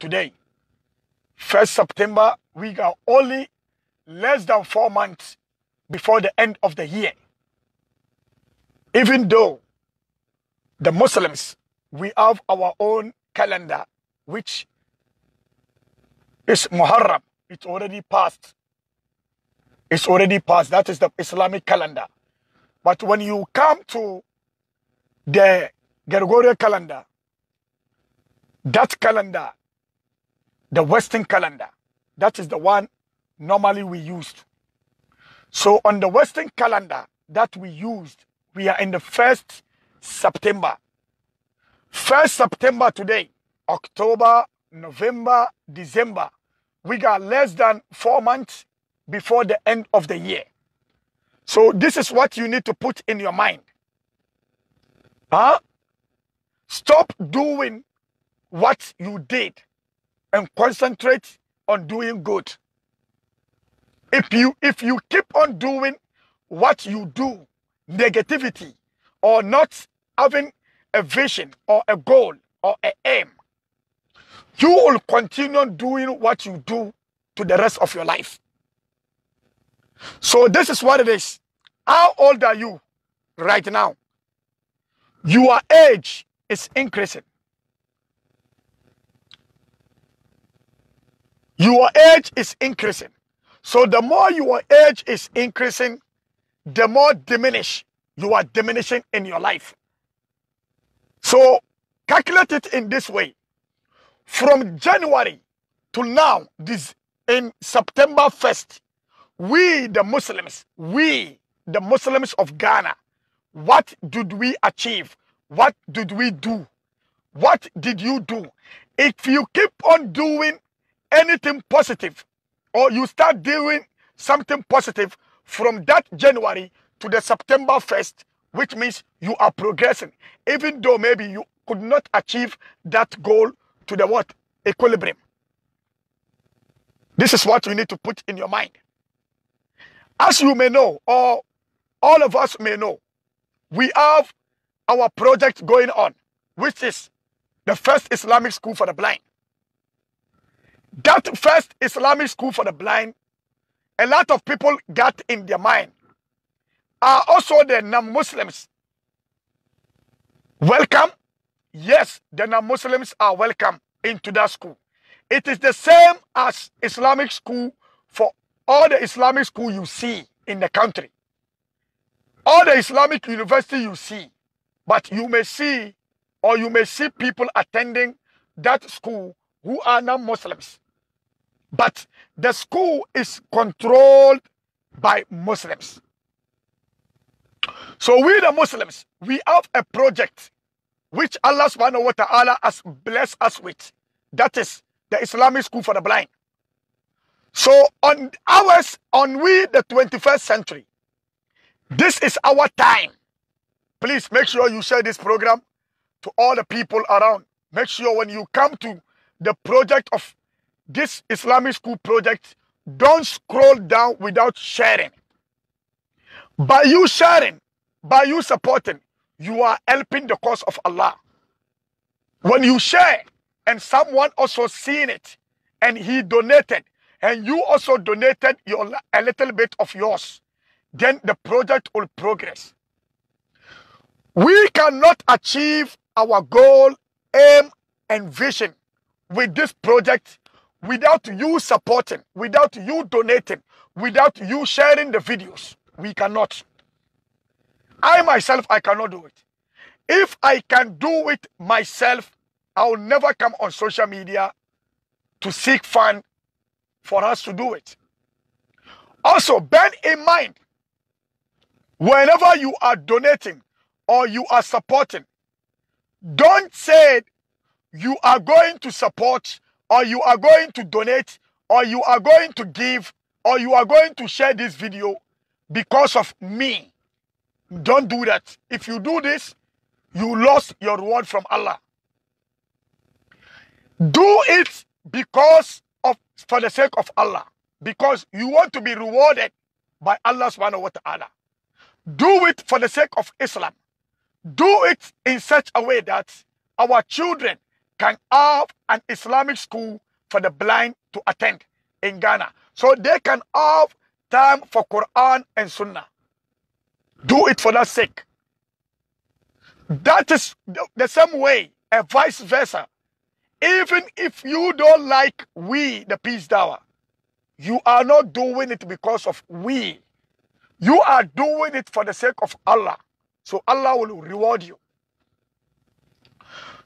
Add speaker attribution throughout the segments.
Speaker 1: today. 1st September, we are only less than four months before the end of the year. Even though the Muslims, we have our own calendar, which is Muharram. It's already passed. It's already passed. That is the Islamic calendar. But when you come to the Gregorian calendar, that calendar the Western calendar. That is the one normally we used. So on the Western calendar that we used, we are in the first September. First September today, October, November, December. We got less than four months before the end of the year. So this is what you need to put in your mind. Huh? Stop doing what you did and concentrate on doing good. If you if you keep on doing what you do, negativity or not having a vision or a goal or an aim, you will continue doing what you do to the rest of your life. So this is what it is. How old are you right now? Your age is increasing. Your age is increasing. So the more your age is increasing, the more diminish you are diminishing in your life. So calculate it in this way. From January to now, this in September 1st, we the Muslims, we the Muslims of Ghana, what did we achieve? What did we do? What did you do? If you keep on doing anything positive or you start doing something positive from that January to the September 1st, which means you are progressing, even though maybe you could not achieve that goal to the what? Equilibrium. This is what you need to put in your mind. As you may know, or all of us may know, we have our project going on, which is the first Islamic school for the blind. That first Islamic school for the blind, a lot of people got in their mind are also the non-Muslims. Welcome? Yes, the non-Muslims are welcome into that school. It is the same as Islamic school for all the Islamic school you see in the country. All the Islamic university you see, but you may see or you may see people attending that school who are not Muslims. But the school is controlled by Muslims. So we the Muslims, we have a project which Allah subhanahu wa ta'ala has blessed us with. That is the Islamic school for the blind. So on ours, on we the 21st century, this is our time. Please make sure you share this program to all the people around. Make sure when you come to the project of this Islamic school project, don't scroll down without sharing. By you sharing, by you supporting, you are helping the cause of Allah. When you share and someone also seen it and he donated and you also donated your, a little bit of yours, then the project will progress. We cannot achieve our goal, aim, and vision with this project without you supporting, without you donating, without you sharing the videos. We cannot. I myself, I cannot do it. If I can do it myself, I will never come on social media to seek fund for us to do it. Also, bear in mind, whenever you are donating or you are supporting, don't say you are going to support or you are going to donate or you are going to give or you are going to share this video because of me. Don't do that. If you do this, you lost your reward from Allah. Do it because of for the sake of Allah, because you want to be rewarded by Allah subhanahu wa ta'ala. Do it for the sake of Islam. Do it in such a way that our children can have an Islamic school for the blind to attend in Ghana. So they can have time for Quran and Sunnah. Do it for that sake. That is the same way, and vice versa. Even if you don't like we, the peace dower, you are not doing it because of we. You are doing it for the sake of Allah. So Allah will reward you.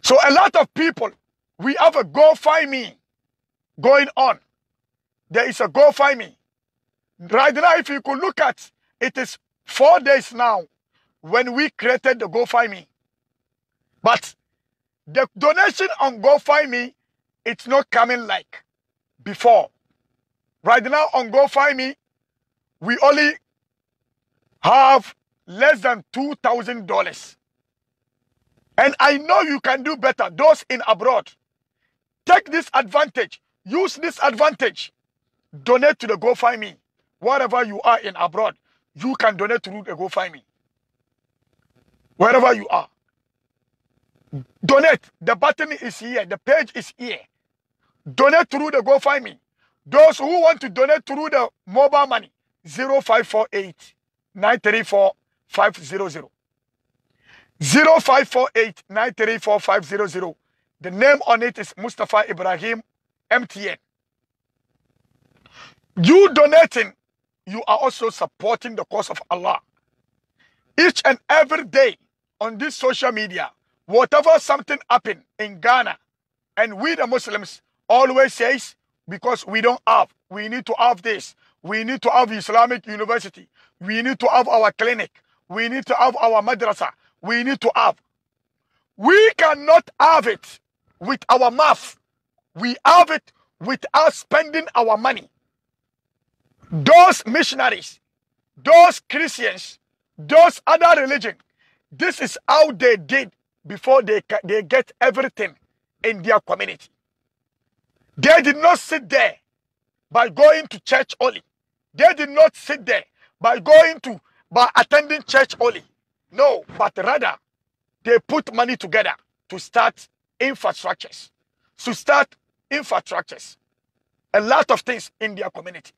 Speaker 1: So a lot of people, we have a GoFundMe going on. There is a GoFundMe. Right now, if you could look at, it is four days now when we created the GoFundMe. But the donation on GoFundMe, it's not coming like before. Right now on GoFundMe, we only have less than $2,000. And I know you can do better. Those in abroad, take this advantage. Use this advantage. Donate to the GoFundMe. Wherever you are in abroad, you can donate to the GoFundMe. Wherever you are. Donate. The button is here. The page is here. Donate through the GoFundMe. Those who want to donate through the mobile money, 0548 934 500. 0548 934500. The name on it is Mustafa Ibrahim MTN. You donating, you are also supporting the cause of Allah. Each and every day on this social media, whatever something happen in Ghana, and we the Muslims always says, because we don't have, we need to have this. We need to have Islamic university. We need to have our clinic. We need to have our madrasa we need to have. We cannot have it with our mouth. We have it with us spending our money. Those missionaries, those Christians, those other religion, this is how they did before they, they get everything in their community. They did not sit there by going to church only. They did not sit there by going to by attending church only. No, but rather they put money together to start infrastructures, to start infrastructures, a lot of things in their community.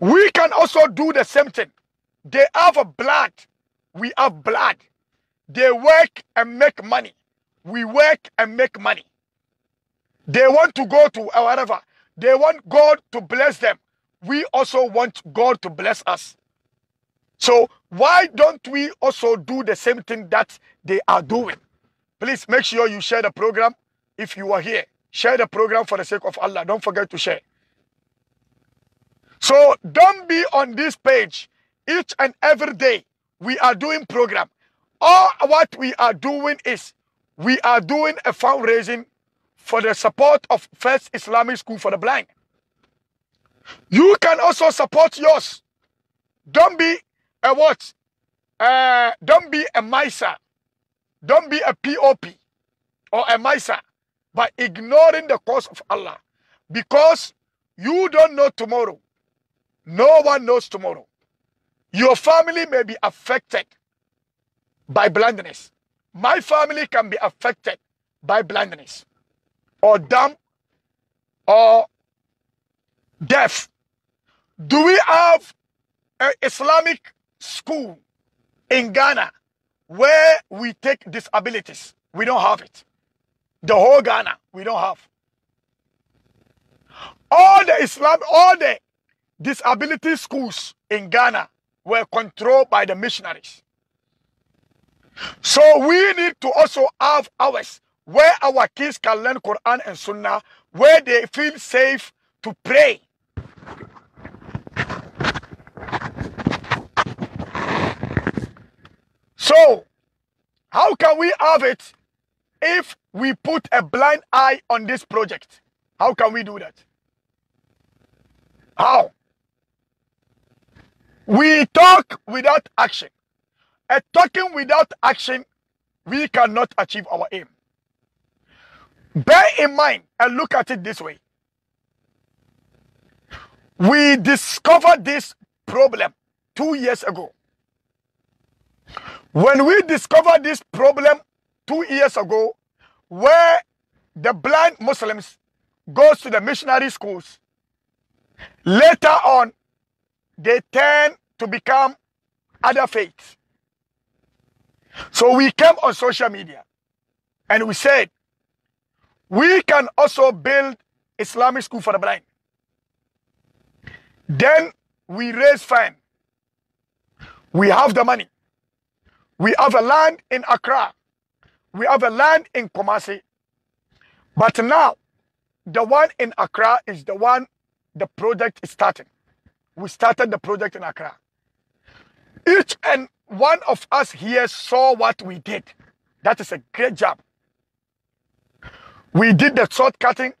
Speaker 1: We can also do the same thing. They have a blood. We have blood. They work and make money. We work and make money. They want to go to wherever. They want God to bless them. We also want God to bless us. So why don't we also do the same thing that they are doing? Please make sure you share the program if you are here. Share the program for the sake of Allah. Don't forget to share. So don't be on this page. Each and every day we are doing program. All what we are doing is we are doing a fundraising for the support of First Islamic School for the Blind. You can also support yours. Don't be a what? Uh, don't be a miser. Don't be a POP or a miser by ignoring the cause of Allah. Because you don't know tomorrow. No one knows tomorrow. Your family may be affected by blindness. My family can be affected by blindness or dumb or deaf. Do we have an Islamic school in Ghana where we take disabilities. We don't have it. The whole Ghana, we don't have. All the Islam, all the disability schools in Ghana were controlled by the missionaries. So we need to also have ours where our kids can learn Quran and Sunnah, where they feel safe to pray So, how can we have it if we put a blind eye on this project? How can we do that? How? We talk without action. A talking without action, we cannot achieve our aim. Bear in mind and look at it this way. We discovered this problem two years ago. When we discovered this problem two years ago, where the blind Muslims goes to the missionary schools, later on, they turn to become other faiths. So we came on social media and we said, we can also build Islamic school for the blind. Then we raise funds. We have the money. We have a land in Accra. We have a land in Kumasi. But now, the one in Accra is the one the project is starting. We started the project in Accra. Each and one of us here saw what we did. That is a great job. We did the short cutting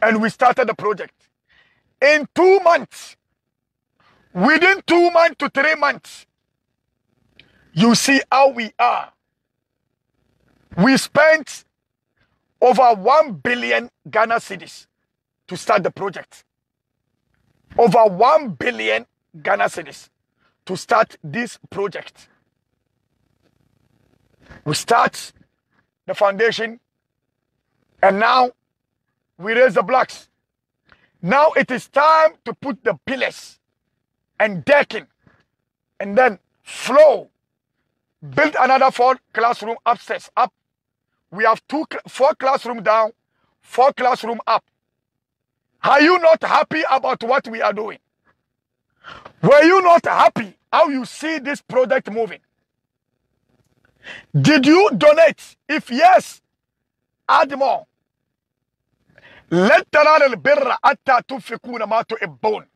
Speaker 1: and we started the project. In two months, within two months to three months, you see how we are. We spent over 1 billion Ghana cities to start the project. Over 1 billion Ghana cities to start this project. We start the foundation and now we raise the blocks. Now it is time to put the pillars and decking and then flow build another four classroom upstairs, up. We have two, four classroom down, four classroom up. Are you not happy about what we are doing? Were you not happy how you see this product moving? Did you donate? If yes, add more. Let the a bone.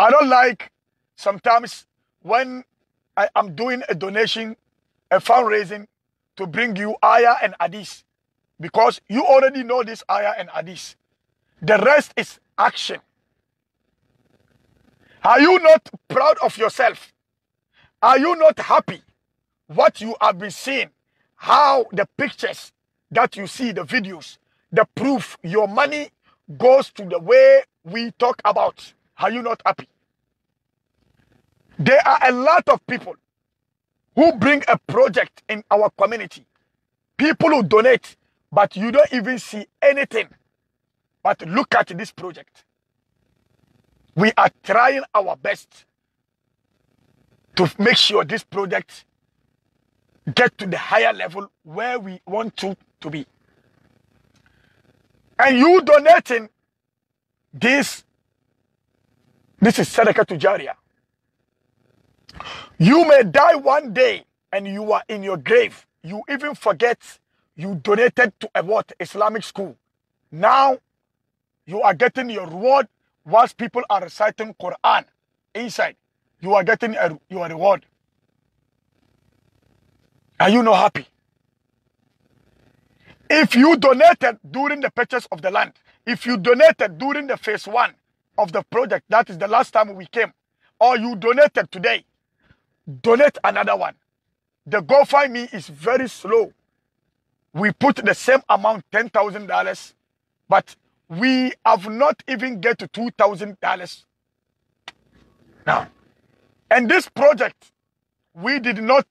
Speaker 1: I don't like sometimes when I am doing a donation, a fundraising to bring you Aya and Addis because you already know this Aya and Addis. The rest is action. Are you not proud of yourself? Are you not happy what you have been seeing? How the pictures that you see, the videos, the proof, your money goes to the way we talk about. Are you not happy? There are a lot of people who bring a project in our community. People who donate, but you don't even see anything. But look at this project. We are trying our best to make sure this project get to the higher level where we want to, to be. And you donating this, this is Seneca to Jaria. You may die one day and you are in your grave. You even forget you donated to a what? Islamic school. Now you are getting your reward whilst people are reciting Quran inside. You are getting a, your reward. Are you not happy? If you donated during the purchase of the land, if you donated during the phase one of the project, that is the last time we came, or you donated today, donate another one. The GoFundMe is very slow. We put the same amount, $10,000, but we have not even get to $2,000 now. And this project, we did not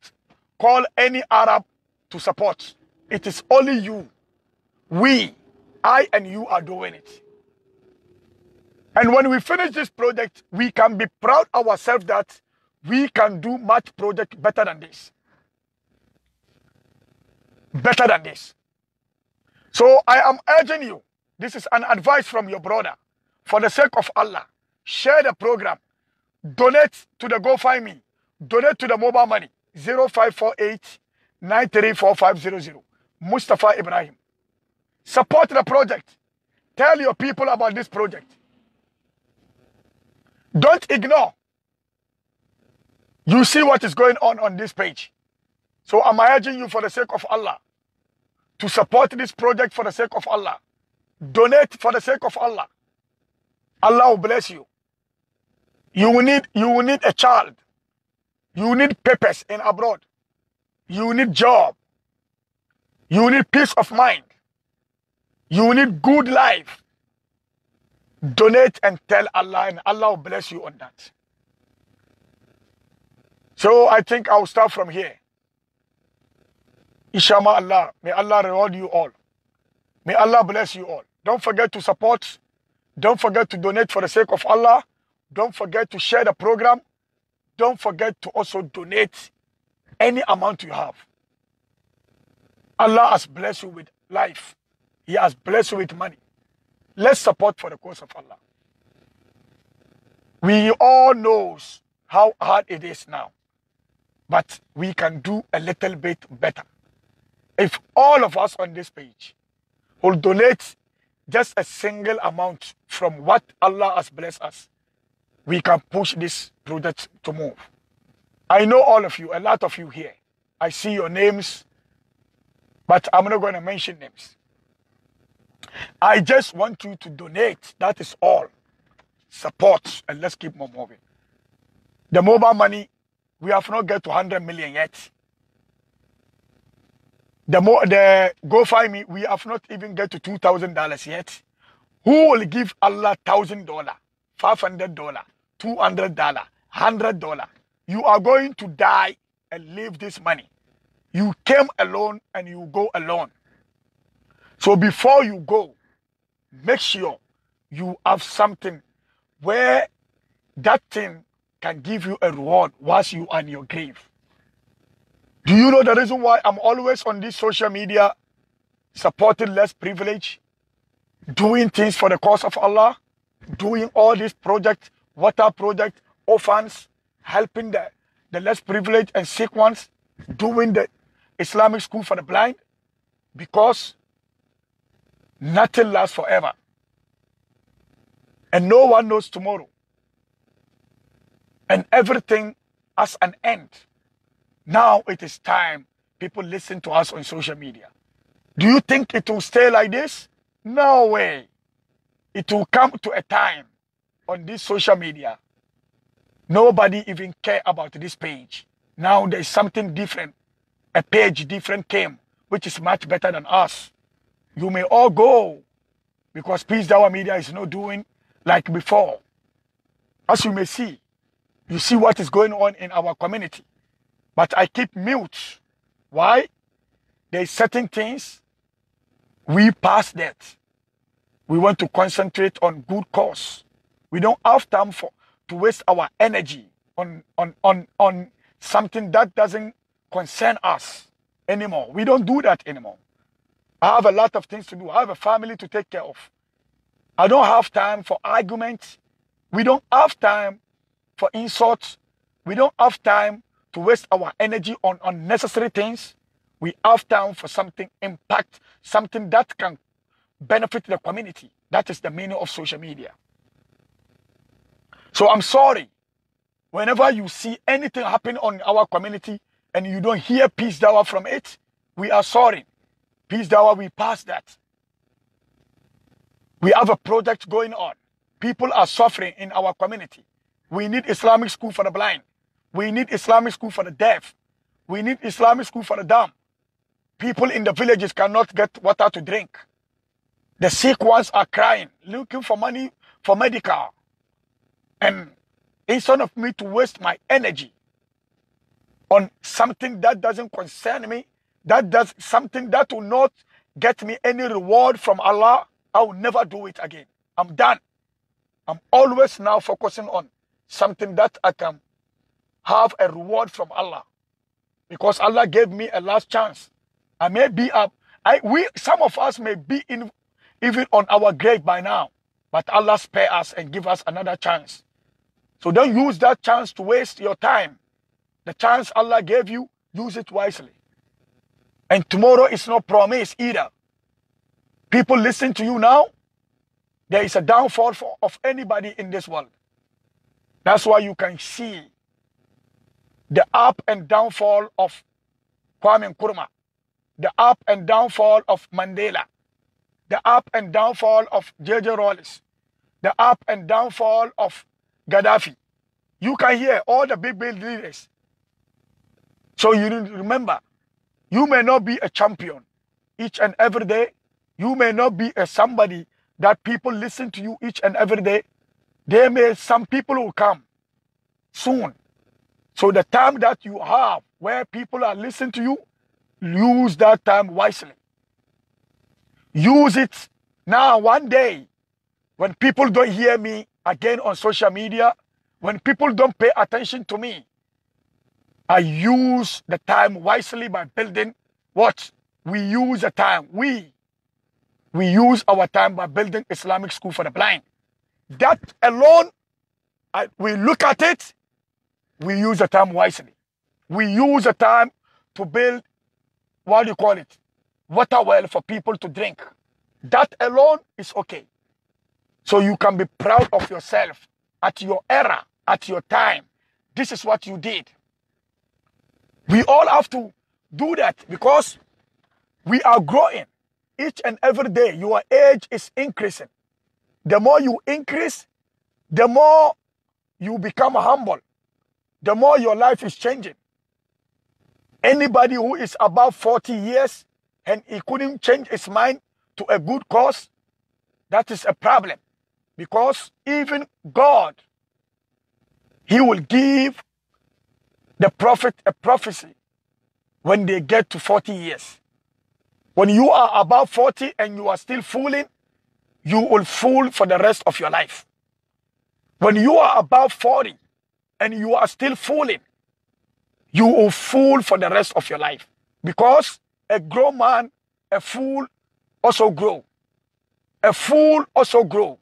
Speaker 1: call any Arab to support. It is only you. We, I and you are doing it. And when we finish this project, we can be proud ourselves that we can do much project better than this. Better than this. So I am urging you, this is an advice from your brother. For the sake of Allah, share the program. Donate to the GoFindMe. Donate to the mobile money. 0548 934500. Mustafa Ibrahim. Support the project. Tell your people about this project. Don't ignore you see what is going on on this page. So I'm urging you for the sake of Allah to support this project for the sake of Allah. Donate for the sake of Allah. Allah will bless you. You will need, you will need a child. You need papers in abroad. You need job. You need peace of mind. You need good life. Donate and tell Allah and Allah will bless you on that. So I think I'll start from here. Ishama Allah, may Allah reward you all. May Allah bless you all. Don't forget to support. Don't forget to donate for the sake of Allah. Don't forget to share the program. Don't forget to also donate any amount you have. Allah has blessed you with life. He has blessed you with money. Let's support for the cause of Allah. We all knows how hard it is now but we can do a little bit better. If all of us on this page will donate just a single amount from what Allah has blessed us, we can push this project to move. I know all of you, a lot of you here. I see your names, but I'm not going to mention names. I just want you to donate. That is all. Support, and let's keep on moving. The mobile money we have not get to 100 million yet. The more the GoFundMe, we have not even get to two thousand dollars yet. Who will give Allah thousand dollar, five hundred dollar, two hundred dollar, hundred dollar? You are going to die and leave this money. You came alone and you go alone. So before you go, make sure you have something where that thing can give you a reward whilst you are in your grave. Do you know the reason why I'm always on this social media supporting less privilege, doing things for the cause of Allah, doing all these projects, water project, orphans, helping the, the less privileged and sick ones, doing the Islamic school for the blind? Because nothing lasts forever. And no one knows tomorrow and everything as an end. Now it is time people listen to us on social media. Do you think it will stay like this? No way. It will come to a time on this social media. Nobody even care about this page. Now there's something different. A page different came, which is much better than us. You may all go because Peace Dawa Media is not doing like before. As you may see, you see what is going on in our community. But I keep mute. Why? There's certain things we pass that. We want to concentrate on good cause. We don't have time for to waste our energy on on on on something that doesn't concern us anymore. We don't do that anymore. I have a lot of things to do. I have a family to take care of. I don't have time for arguments. We don't have time for insults. We don't have time to waste our energy on unnecessary things. We have time for something impact, something that can benefit the community. That is the meaning of social media. So I'm sorry. Whenever you see anything happen on our community and you don't hear peace dawa from it, we are sorry. Peace dawa, we pass that. We have a project going on. People are suffering in our community. We need Islamic school for the blind. We need Islamic school for the deaf. We need Islamic school for the dumb. People in the villages cannot get water to drink. The sick ones are crying, looking for money for medical. And instead of me to waste my energy on something that doesn't concern me, that does something that will not get me any reward from Allah, I will never do it again. I'm done. I'm always now focusing on something that I can have a reward from Allah. Because Allah gave me a last chance. I may be up. I, we, some of us may be in, even on our grave by now. But Allah spare us and give us another chance. So don't use that chance to waste your time. The chance Allah gave you, use it wisely. And tomorrow is not promised either. People listen to you now. There is a downfall for, of anybody in this world. That's why you can see the up and downfall of Kwame Nkrumah, the up and downfall of Mandela, the up and downfall of J.J. Rawlings, the up and downfall of Gaddafi. You can hear all the big, big leaders. So you remember, you may not be a champion each and every day. You may not be a somebody that people listen to you each and every day. There may some people will come soon. So the time that you have where people are listening to you, use that time wisely. Use it now one day when people don't hear me again on social media, when people don't pay attention to me, I use the time wisely by building what? We use the time. We we use our time by building Islamic school for the blind. That alone, I, we look at it, we use the time wisely. We use the time to build, what do you call it, water well for people to drink. That alone is okay. So you can be proud of yourself at your era, at your time. This is what you did. We all have to do that because we are growing each and every day. Your age is increasing. The more you increase, the more you become humble, the more your life is changing. Anybody who is above 40 years and he couldn't change his mind to a good cause, that is a problem. Because even God, he will give the prophet a prophecy when they get to 40 years. When you are above 40 and you are still fooling, you will fool for the rest of your life. When you are about 40 and you are still fooling, you will fool for the rest of your life. Because a grown man, a fool also grow. A fool also grow.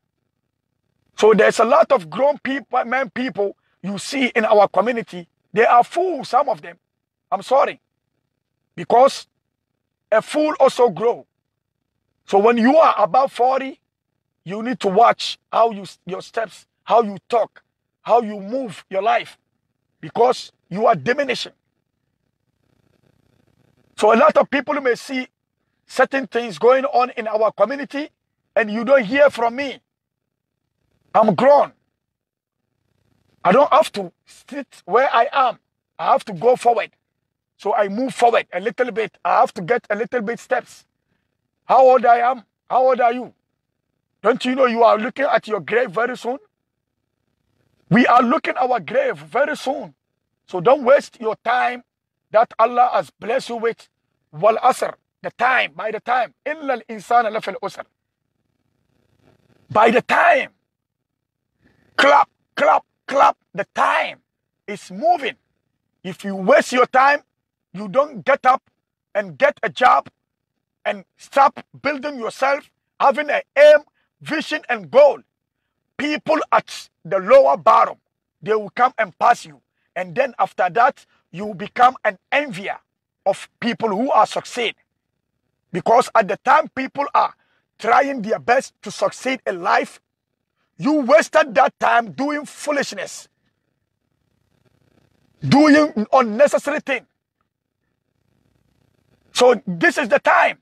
Speaker 1: So there's a lot of grown people, men people you see in our community. They are fools, some of them. I'm sorry. Because a fool also grow. So when you are about 40 you need to watch how you your steps, how you talk, how you move your life because you are diminishing. So a lot of people may see certain things going on in our community and you don't hear from me. I'm grown. I don't have to sit where I am. I have to go forward. So I move forward a little bit. I have to get a little bit steps. How old I am? How old are you? Don't you know you are looking at your grave very soon? We are looking our grave very soon. So don't waste your time that Allah has blessed you with. Wal asr, the time, by the time. Illa al-insana lafil usr. By the time. Clap, clap, clap. The time is moving. If you waste your time, you don't get up and get a job and stop building yourself, having an aim vision and goal, people at the lower bottom, they will come and pass you. And then after that, you become an envier of people who are succeed. Because at the time people are trying their best to succeed in life, you wasted that time doing foolishness, doing unnecessary thing. So this is the time.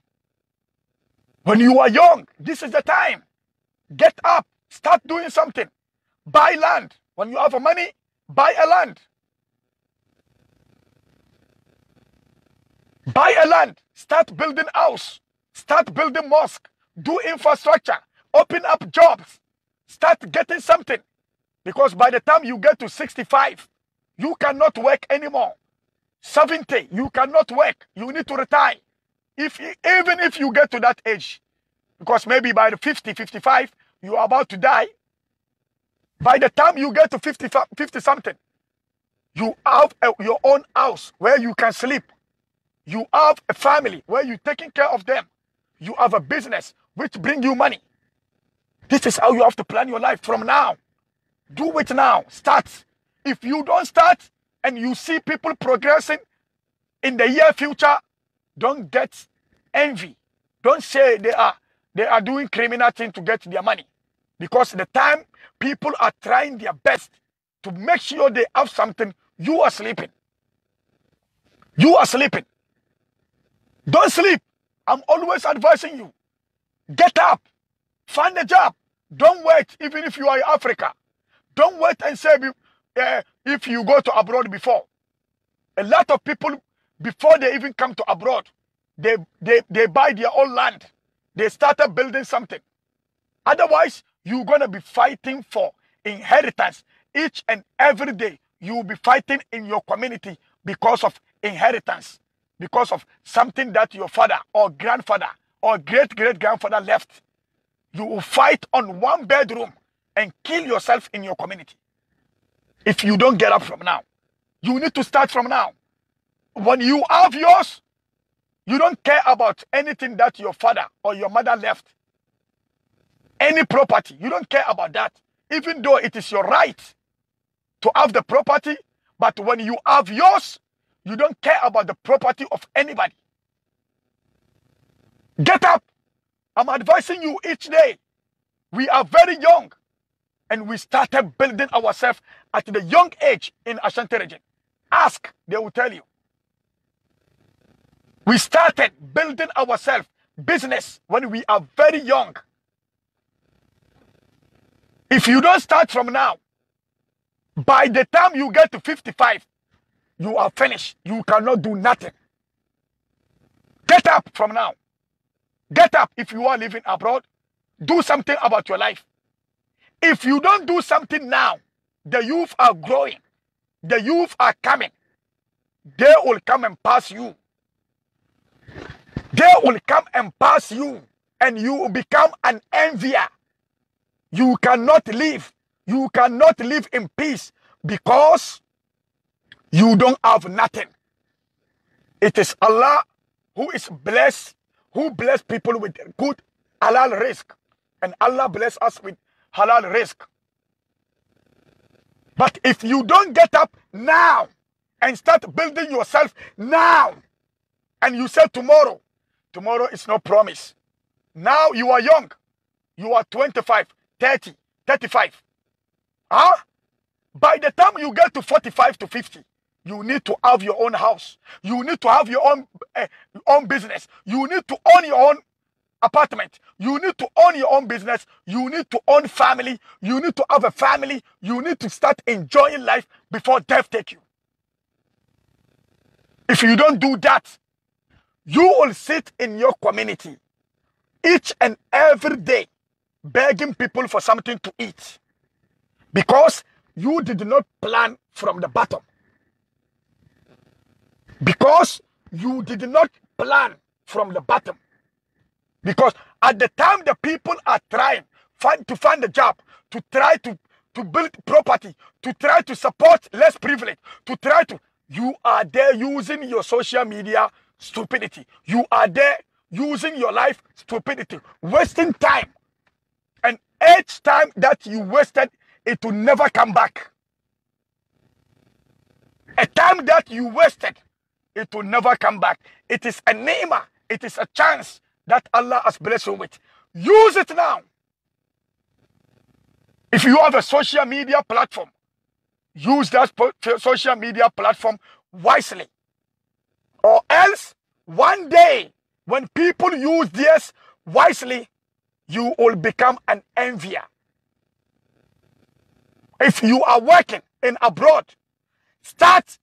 Speaker 1: When you are young, this is the time. Get up. Start doing something. Buy land. When you have money, buy a land. Buy a land. Start building house. Start building mosque. Do infrastructure. Open up jobs. Start getting something. Because by the time you get to 65, you cannot work anymore. 70, you cannot work. You need to retire. If, even if you get to that age. Because maybe by the 50, 55, you are about to die, by the time you get to 50, 50 something, you have a, your own house where you can sleep. You have a family where you're taking care of them. You have a business which bring you money. This is how you have to plan your life from now. Do it now. Start. If you don't start and you see people progressing in the year future, don't get envy. Don't say they are they are doing criminal thing to get their money. Because the time people are trying their best to make sure they have something, you are sleeping. You are sleeping. Don't sleep. I'm always advising you. Get up. Find a job. Don't wait, even if you are in Africa. Don't wait and say uh, if you go to abroad before. A lot of people, before they even come to abroad, they, they, they buy their own land. They started building something. Otherwise, you're going to be fighting for inheritance each and every day. You will be fighting in your community because of inheritance, because of something that your father or grandfather or great great grandfather left. You will fight on one bedroom and kill yourself in your community. If you don't get up from now, you need to start from now. When you have yours, you don't care about anything that your father or your mother left any property. You don't care about that. Even though it is your right to have the property, but when you have yours, you don't care about the property of anybody. Get up. I'm advising you each day. We are very young and we started building ourselves at the young age in Ashanti region. Ask, they will tell you. We started building ourselves business when we are very young. If you don't start from now, by the time you get to 55, you are finished. You cannot do nothing. Get up from now. Get up if you are living abroad. Do something about your life. If you don't do something now, the youth are growing. The youth are coming. They will come and pass you. They will come and pass you, and you will become an envier you cannot live. You cannot live in peace because you don't have nothing. It is Allah who is blessed, who bless people with good halal risk. And Allah bless us with halal risk. But if you don't get up now and start building yourself now, and you say tomorrow, tomorrow is no promise. Now you are young. You are 25. 30, 35. Huh? By the time you get to 45 to 50, you need to have your own house. You need to have your own, uh, own business. You need to own your own apartment. You need to own your own business. You need to own family. You need to have a family. You need to start enjoying life before death take you. If you don't do that, you will sit in your community each and every day begging people for something to eat because you did not plan from the bottom. Because you did not plan from the bottom. Because at the time the people are trying find, to find a job, to try to, to build property, to try to support less privilege, to try to, you are there using your social media stupidity. You are there using your life stupidity, wasting time each time that you wasted, it will never come back. A time that you wasted, it will never come back. It is a name, it is a chance that Allah has blessed you with. Use it now. If you have a social media platform, use that social media platform wisely. Or else, one day, when people use this wisely, you will become an envier. If you are working in abroad, start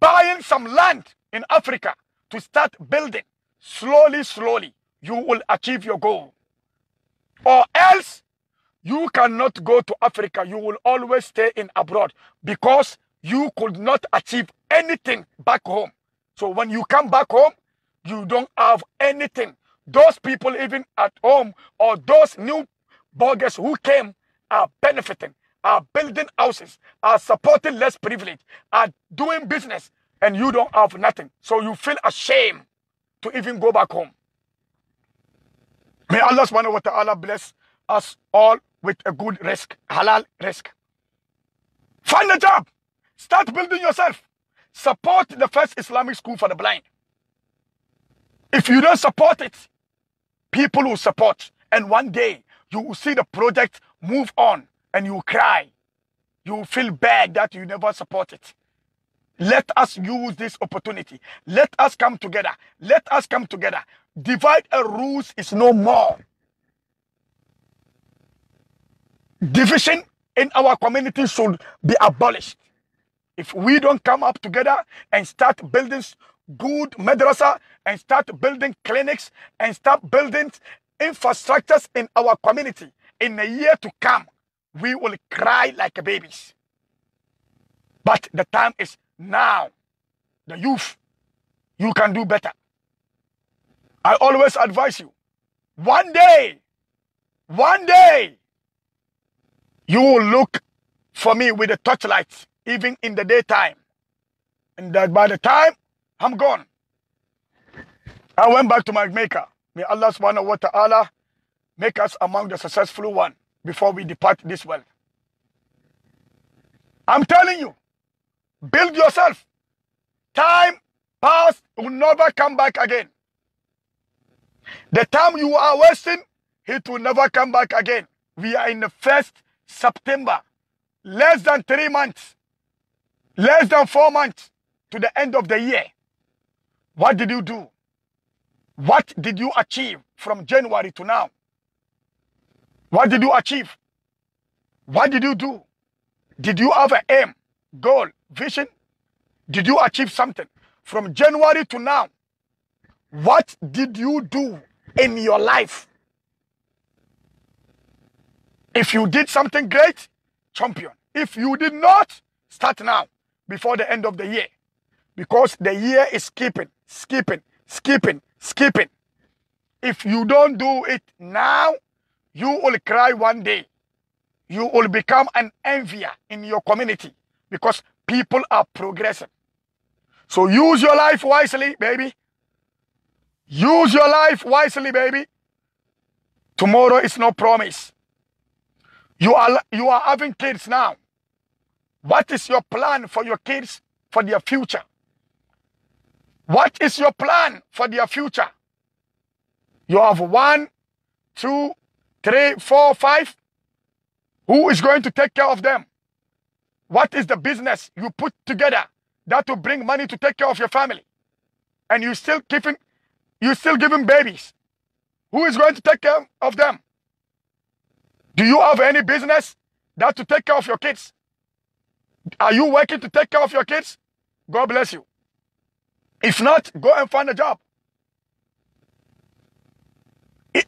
Speaker 1: buying some land in Africa to start building. Slowly, slowly, you will achieve your goal. Or else, you cannot go to Africa. You will always stay in abroad because you could not achieve anything back home. So when you come back home, you don't have anything those people even at home or those new bloggers who came are benefiting, are building houses, are supporting less privilege, are doing business, and you don't have nothing. So you feel ashamed to even go back home. May Allah subhanahu wa ta'ala bless us all with a good risk, halal risk. Find a job. Start building yourself. Support the first Islamic school for the blind. If you don't support it, people who support. And one day you will see the project move on and you will cry. You will feel bad that you never support it. Let us use this opportunity. Let us come together. Let us come together. Divide and rules is no more. Division in our community should be abolished. If we don't come up together and start building good madrasa, and start building clinics and start building infrastructures in our community, in a year to come, we will cry like babies. But the time is now. The youth, you can do better. I always advise you one day, one day, you will look for me with a torchlight, even in the daytime. And that by the time I'm gone, I went back to my maker. May Allah subhanahu wa ta'ala make us among the successful one before we depart this world. I'm telling you, build yourself. Time passed will never come back again. The time you are wasting, it will never come back again. We are in the first September, less than three months, less than four months to the end of the year. What did you do? What did you achieve from January to now? What did you achieve? What did you do? Did you have an aim, goal, vision? Did you achieve something? From January to now, what did you do in your life? If you did something great, champion. If you did not, start now before the end of the year. Because the year is skipping, skipping, skipping, skipping. If you don't do it now, you will cry one day. You will become an envier in your community because people are progressing. So use your life wisely, baby. Use your life wisely, baby. Tomorrow is no promise. You are, you are having kids now. What is your plan for your kids, for their future? What is your plan for their future? You have one, two, three, four, five. Who is going to take care of them? What is the business you put together that will bring money to take care of your family? And you still keeping, you still giving babies. Who is going to take care of them? Do you have any business that to take care of your kids? Are you working to take care of your kids? God bless you. If not, go and find a job.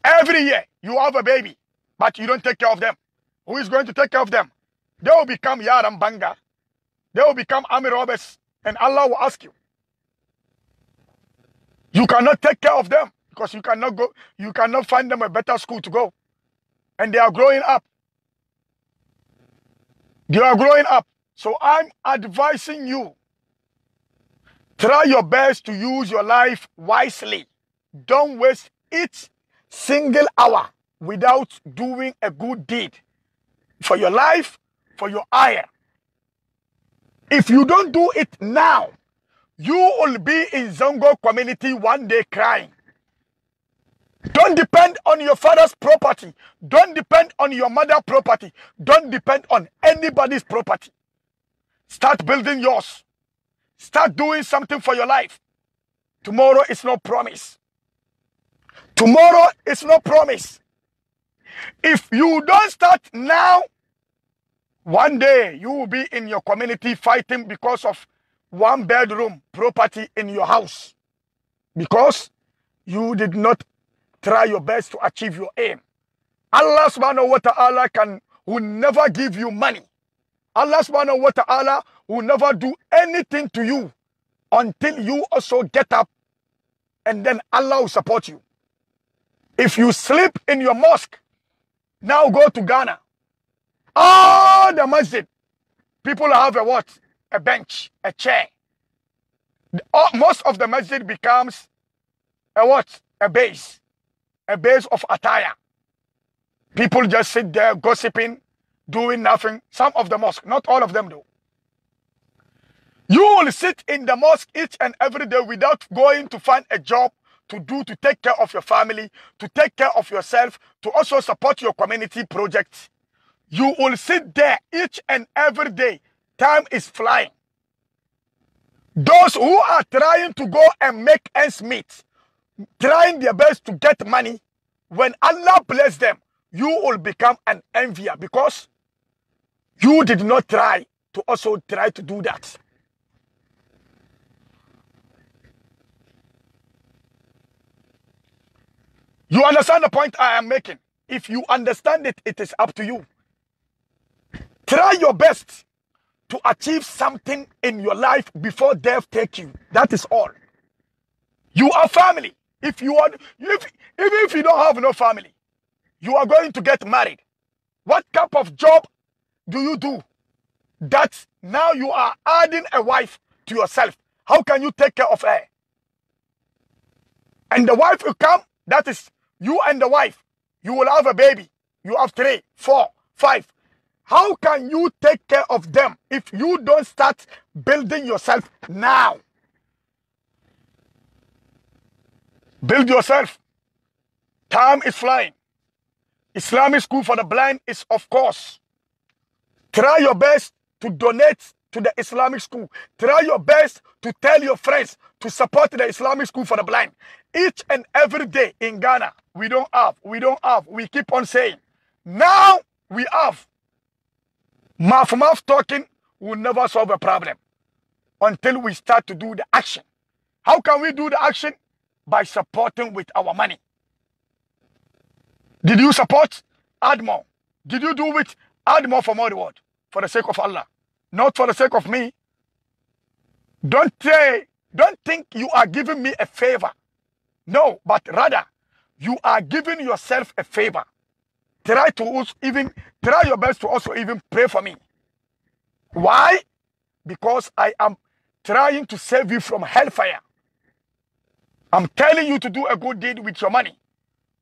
Speaker 1: Every year, you have a baby, but you don't take care of them. Who is going to take care of them? They will become Yaram Banga. They will become army robbers, and Allah will ask you. You cannot take care of them because you cannot go, you cannot find them a better school to go. And they are growing up. They are growing up. So I'm advising you Try your best to use your life wisely. Don't waste each single hour without doing a good deed for your life, for your eye. If you don't do it now, you will be in Zongo community one day crying. Don't depend on your father's property. Don't depend on your mother's property. Don't depend on anybody's property. Start building yours. Start doing something for your life. Tomorrow is no promise. Tomorrow is no promise. If you don't start now, one day you will be in your community fighting because of one bedroom property in your house. Because you did not try your best to achieve your aim. Allah subhanahu wa ta'ala can will never give you money. Allah subhanahu wa ta'ala will never do anything to you until you also get up and then Allah will support you. If you sleep in your mosque, now go to Ghana. All the masjid, people have a what? A bench, a chair. Most of the masjid becomes a what? A base. A base of attire. People just sit there gossiping, doing nothing. Some of the mosque, not all of them though. You will sit in the mosque each and every day without going to find a job to do to take care of your family, to take care of yourself, to also support your community projects. You will sit there each and every day. Time is flying. Those who are trying to go and make ends meet, trying their best to get money, when Allah bless them, you will become an envier because you did not try to also try to do that. You understand the point I am making? If you understand it, it is up to you. Try your best to achieve something in your life before death take you. That is all. You are family. If you are, if, even if you don't have no family, you are going to get married. What type of job do you do that now you are adding a wife to yourself? How can you take care of her? And the wife will come, that is you and the wife. You will have a baby. You have three, four, five. How can you take care of them if you don't start building yourself now? Build yourself. Time is flying. Islamic school for the blind is, of course, Try your best to donate to the Islamic school. Try your best to tell your friends to support the Islamic school for the blind. Each and every day in Ghana, we don't have, we don't have, we keep on saying. Now we have. Mouth mouth talking will never solve a problem until we start to do the action. How can we do the action? By supporting with our money. Did you support? Add more. Did you do it? Add more for more reward for the sake of Allah, not for the sake of me. Don't say, don't think you are giving me a favor. No, but rather, you are giving yourself a favor. Try to even try your best to also even pray for me. Why? Because I am trying to save you from hellfire. I'm telling you to do a good deed with your money.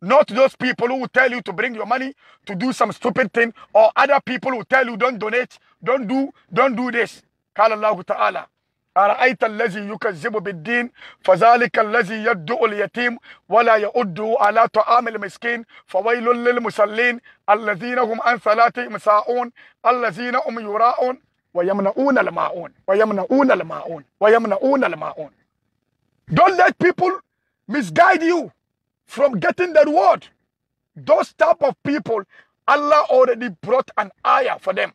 Speaker 1: Not those people who tell you to bring your money to do some stupid thing or other people who tell you don't donate, don't do, don't do this. قال الله تعالى أرأيت الذي يكذب بالدين فذلك الذي يدعو اليتيم ولا يؤد على طعام المسكين فويل للمصلين الذين هم عن صلاتهم ساعون الذين هم يراءون ويمنعون الماعون ويمنعون الماعون ويمنعون الماعون Don't let people misguide you. from getting the reward. Those type of people, Allah already brought an ayah for them.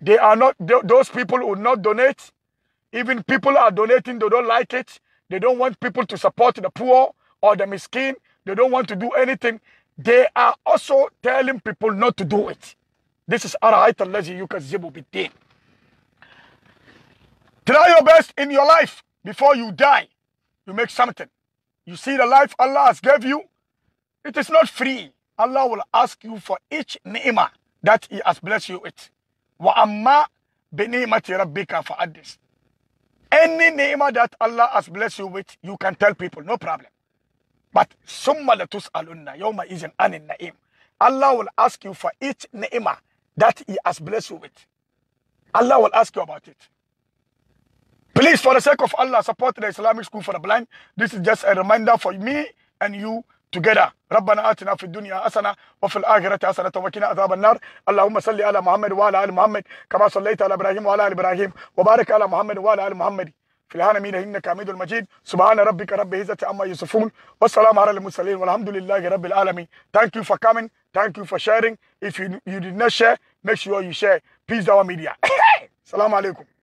Speaker 1: They are not, those people will not donate. Even people are donating, they don't like it. They don't want people to support the poor or the miskin. They don't want to do anything. They are also telling people not to do it. This is Ara'ayt al-Lazi yukazzibu Try your best in your life before you die. You make something. You see the life Allah has gave you? It is not free. Allah will ask you for each ni'mah that He has blessed you with. وَأَمَّا بِنِعْمَةِ رَبِّكَ فَأَدِّسْ Any ni'mah that Allah has blessed you with, you can tell people, no problem. But ثُمَّ لَتُسْأَلُنَّ يَوْمَ إِذٍ أَنِ النَّئِيمِ Allah will ask you for each ni'mah that He has blessed you with. Allah will ask you about it. Please, for the sake of Allah, support the Islamic School for the Blind. This is just a reminder for me and you together ربنا آتنا في الدنيا حسنة وفي الآخرة حسنة وقنا عذاب النار اللهم صل على محمد وعلى آل محمد كما صليت على إبراهيم وعلى آل إبراهيم وبارك على محمد وعلى آل محمد في العالمين إنك حميد المجيد سبحان ربك رب عزة عما يصفون والسلام على المرسلين والحمد لله رب العالمين thank you for coming thank you for sharing if you, you did not share make sure you share peace our media السلام عليكم